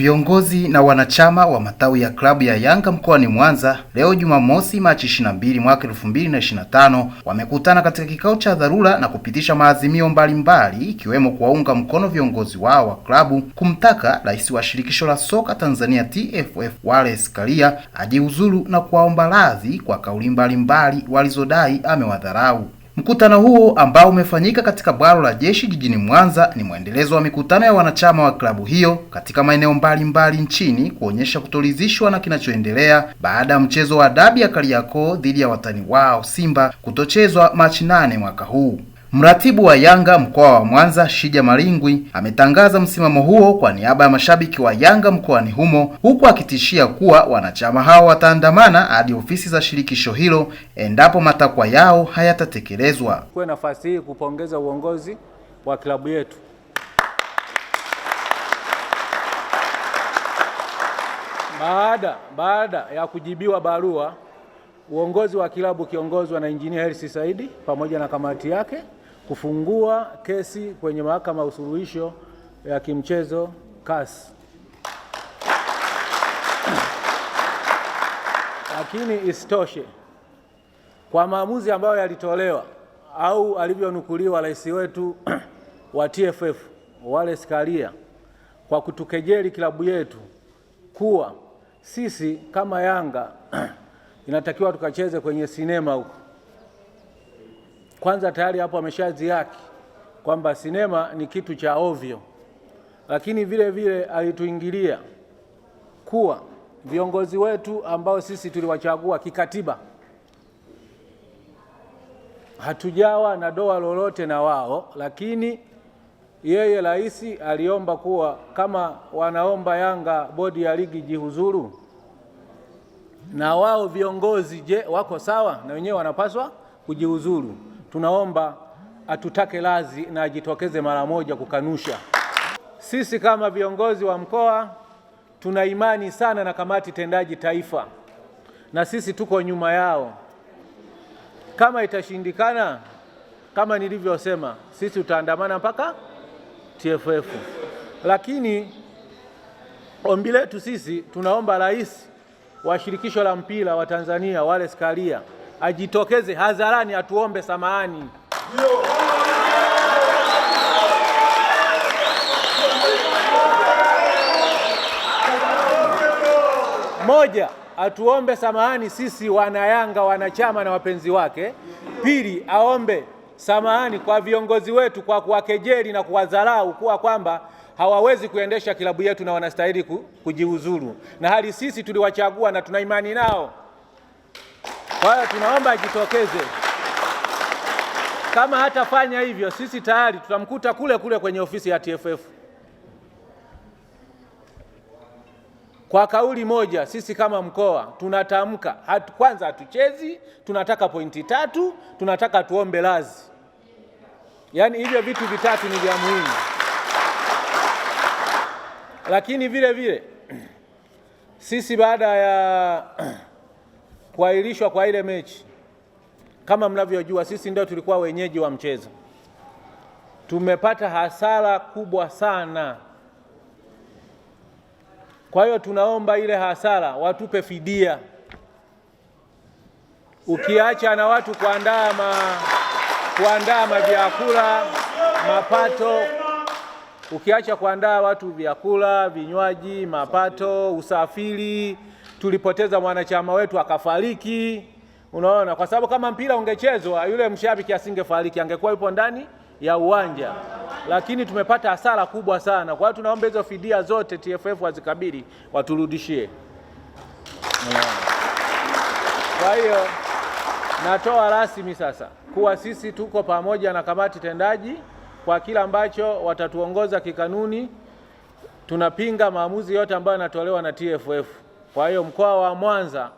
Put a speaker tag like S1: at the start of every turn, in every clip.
S1: Viongozi na wanachama wa matawi ya klabu ya Yanga mkoani Mwanza leo Jumamosi Machi 22 mwaka 2025 wamekutana katika kikao cha dharura na kupitisha maazimio mbalimbali ikiwemo kuwaunga mkono viongozi wao wa klabu kumtaka Rais wa Shirikisho la Soka Tanzania TFF Wallace Karia ajiuzulu na kuwaomba radhi kwa kauli mbalimbali walizodai amewadharau. Mkutano huo ambao umefanyika katika bwalo la jeshi jijini Mwanza ni mwendelezo wa mikutano ya wanachama wa klabu hiyo katika maeneo mbalimbali nchini kuonyesha kutoridhishwa na kinachoendelea baada ya mchezo wa dabi ya Kariakoo dhidi ya watani wao Simba kutochezwa Machi nane mwaka huu. Mratibu wa Yanga mkoa wa Mwanza, Shija Maringwi, ametangaza msimamo huo kwa niaba ya mashabiki wa Yanga mkoani humo, huku akitishia kuwa wanachama hao wataandamana hadi ofisi za shirikisho hilo endapo matakwa yao hayatatekelezwa.
S2: Kwa nafasi hii kupongeza uongozi wa klabu yetu baada baada ya kujibiwa barua, uongozi wa kilabu ukiongozwa na Injinia Hersi Saidi pamoja na kamati yake kufungua kesi kwenye mahakama ya usuluhisho ya kimchezo CAS. Lakini isitoshe kwa maamuzi ambayo yalitolewa au alivyonukuliwa rais wetu wa TFF Wallace Karia kwa kutukejeli klabu yetu kuwa sisi kama Yanga inatakiwa tukacheze kwenye sinema huko kwanza tayari hapo ameshaziaki kwamba sinema ni kitu cha ovyo, lakini vile vile alituingilia kuwa viongozi wetu ambao sisi tuliwachagua kikatiba hatujawa na doa lolote na wao, lakini yeye rais aliomba kuwa kama wanaomba Yanga bodi ya ligi jihuzuru, na wao viongozi je, wako sawa na wenyewe wanapaswa kujihuzuru tunaomba atutake lazi na ajitokeze mara moja kukanusha. Sisi kama viongozi wa mkoa tuna imani sana na kamati tendaji taifa, na sisi tuko nyuma yao. Kama itashindikana, kama nilivyosema, sisi tutaandamana mpaka TFF, lakini ombi letu sisi tunaomba rais wa shirikisho la mpira wa Tanzania wale skaria ajitokeze hadharani atuombe samahani. Moja, atuombe samahani sisi wanayanga, wanachama na wapenzi wake. Pili, aombe samahani kwa viongozi wetu kwa kuwakejeli na kuwadharau kuwa kwamba hawawezi kuendesha kilabu yetu na wanastahili kujiuzuru, na hali sisi tuliwachagua na tuna imani nao. Kwa hiyo tunaomba ajitokeze. Kama hatafanya hivyo, sisi tayari tutamkuta kule kule kwenye ofisi ya TFF. Kwa kauli moja, sisi kama mkoa tunatamka hatu, kwanza hatuchezi, tunataka pointi tatu, tunataka tuombe lazi. Yaani hivyo vitu vitatu ni vya muhimu, lakini vile vile sisi baada ya kuahirishwa kwa ile mechi. Kama mnavyojua, sisi ndio tulikuwa wenyeji wa mchezo, tumepata hasara kubwa sana. Kwa hiyo tunaomba ile hasara watupe fidia, ukiacha na watu kuandaa ma kuandaa mavyakula mapato, ukiacha kuandaa watu vyakula, vinywaji, mapato, usafiri tulipoteza mwanachama wetu akafariki. Unaona, kwa sababu kama mpira ungechezwa yule mshabiki asingefariki, angekuwa yupo ndani ya uwanja, lakini tumepata hasara kubwa sana. Kwa hiyo tunaomba hizo fidia zote TFF wazikabili, waturudishie. Kwa hiyo natoa rasmi sasa kuwa sisi tuko pamoja na kamati tendaji kwa kila ambacho watatuongoza kikanuni. Tunapinga maamuzi yote ambayo yanatolewa na TFF. Kwa hiyo mkoa wa Mwanza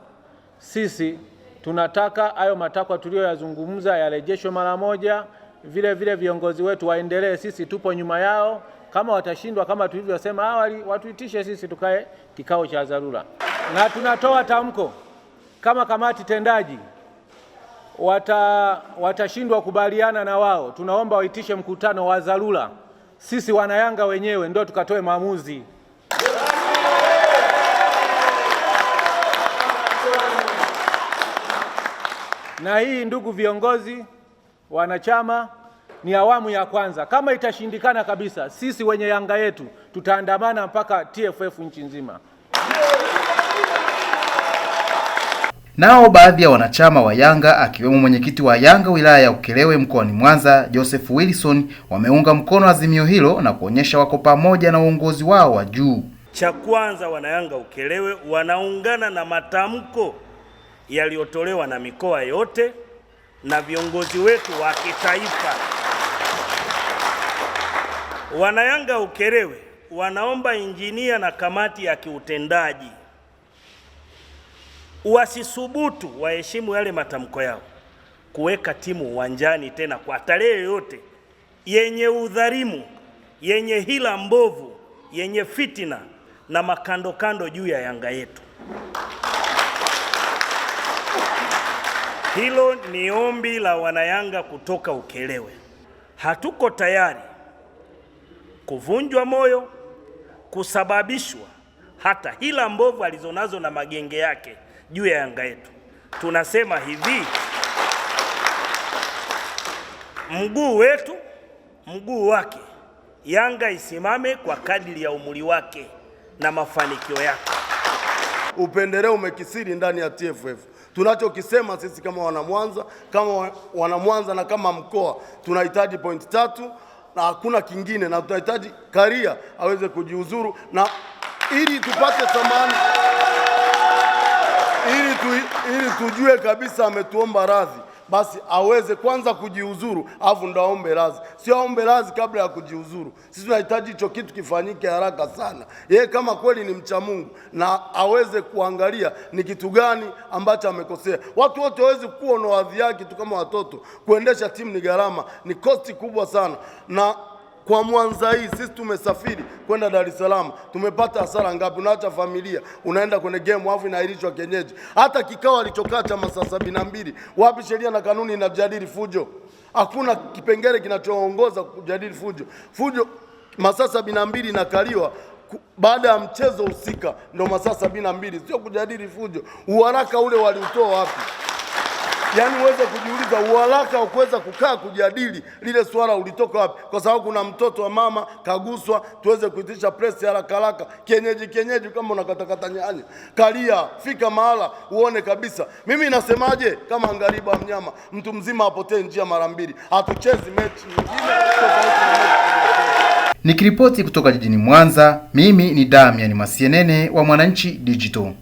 S2: sisi tunataka hayo matakwa tuliyoyazungumza yarejeshwe mara moja. Vile vile viongozi wetu waendelee, sisi tupo nyuma yao. Kama watashindwa, kama tulivyosema awali, watuitishe sisi tukae kikao cha dharura, na tunatoa tamko kama kamati tendaji wata watashindwa kubaliana na wao, tunaomba waitishe mkutano wa dharura, sisi wanayanga wenyewe ndio tukatoe maamuzi. Na hii ndugu viongozi, wanachama, ni awamu ya kwanza. Kama itashindikana kabisa, sisi wenye Yanga yetu tutaandamana mpaka TFF nchi nzima.
S1: Nao baadhi ya wanachama wa Yanga akiwemo mwenyekiti wa Yanga wilaya ya Ukerewe mkoani Mwanza, Joseph Wilson, wameunga mkono azimio hilo na kuonyesha wako pamoja na uongozi wao wa juu.
S3: Cha kwanza, wanayanga Ukerewe wanaungana na matamko yaliyotolewa na mikoa yote na viongozi wetu wa kitaifa. Wanayanga Ukerewe wanaomba injinia na kamati ya kiutendaji wasisubutu waheshimu yale matamko yao kuweka timu uwanjani tena kwa tarehe yoyote yenye udhalimu, yenye hila mbovu, yenye fitina na makandokando juu ya Yanga yetu. Hilo ni ombi la wanayanga kutoka Ukerewe. Hatuko tayari kuvunjwa moyo, kusababishwa hata hila mbovu alizonazo na magenge yake juu ya Yanga yetu. Tunasema hivi, mguu wetu, mguu wake, Yanga isimame kwa kadiri ya umri wake na mafanikio yake.
S4: Upendeleo umekisiri ndani ya TFF. Tunachokisema sisi kama wanamwanza kama wanamwanza na kama mkoa tunahitaji pointi tatu na hakuna kingine, na tunahitaji Karia aweze kujiuzuru na ili tupate thamani ili, tu, ili tujue kabisa ametuomba radhi basi aweze kwanza kujiuzuru, alafu ndo aombe radhi, sio aombe radhi kabla ya kujiuzuru. Sisi tunahitaji hicho kitu kifanyike haraka sana. Yeye kama kweli ni mcha Mungu, na aweze kuangalia ni kitu gani ambacho amekosea. Watu wote hawezi kuwa na wadhi yake tu kama watoto. Kuendesha timu ni gharama, ni kosti kubwa sana na kwa Mwanza hii sisi tumesafiri kwenda Dar es Salaam, tumepata hasara ngapi? Unaacha familia unaenda kwenye game afu inaahirishwa kienyeji. Hata kikao alichokaa cha masaa sabini na mbili, wapi sheria na kanuni inajadili fujo? Hakuna kipengele kinachoongoza kujadili fujo. Fujo masaa sabini na mbili inakaliwa baada ya mchezo husika, ndo masaa sabini na mbili, sio kujadili fujo. Uharaka ule waliutoa wapi? yaani uweze kujiuliza uharaka wa kuweza kukaa kujadili lile swala ulitoka wapi, kwa sababu kuna mtoto wa mama kaguswa. Tuweze kuitisha press haraka haraka, kienyeji kienyeji, kama unakatakata nyanya kalia, fika mahala uone kabisa. Mimi nasemaje, kama ngariba mnyama, mtu mzima apotee njia mara mbili, hatuchezi mechi nyingine.
S1: Nikiripoti kutoka jijini Mwanza, mimi ni Damian Masienene wa Mwananchi Digital.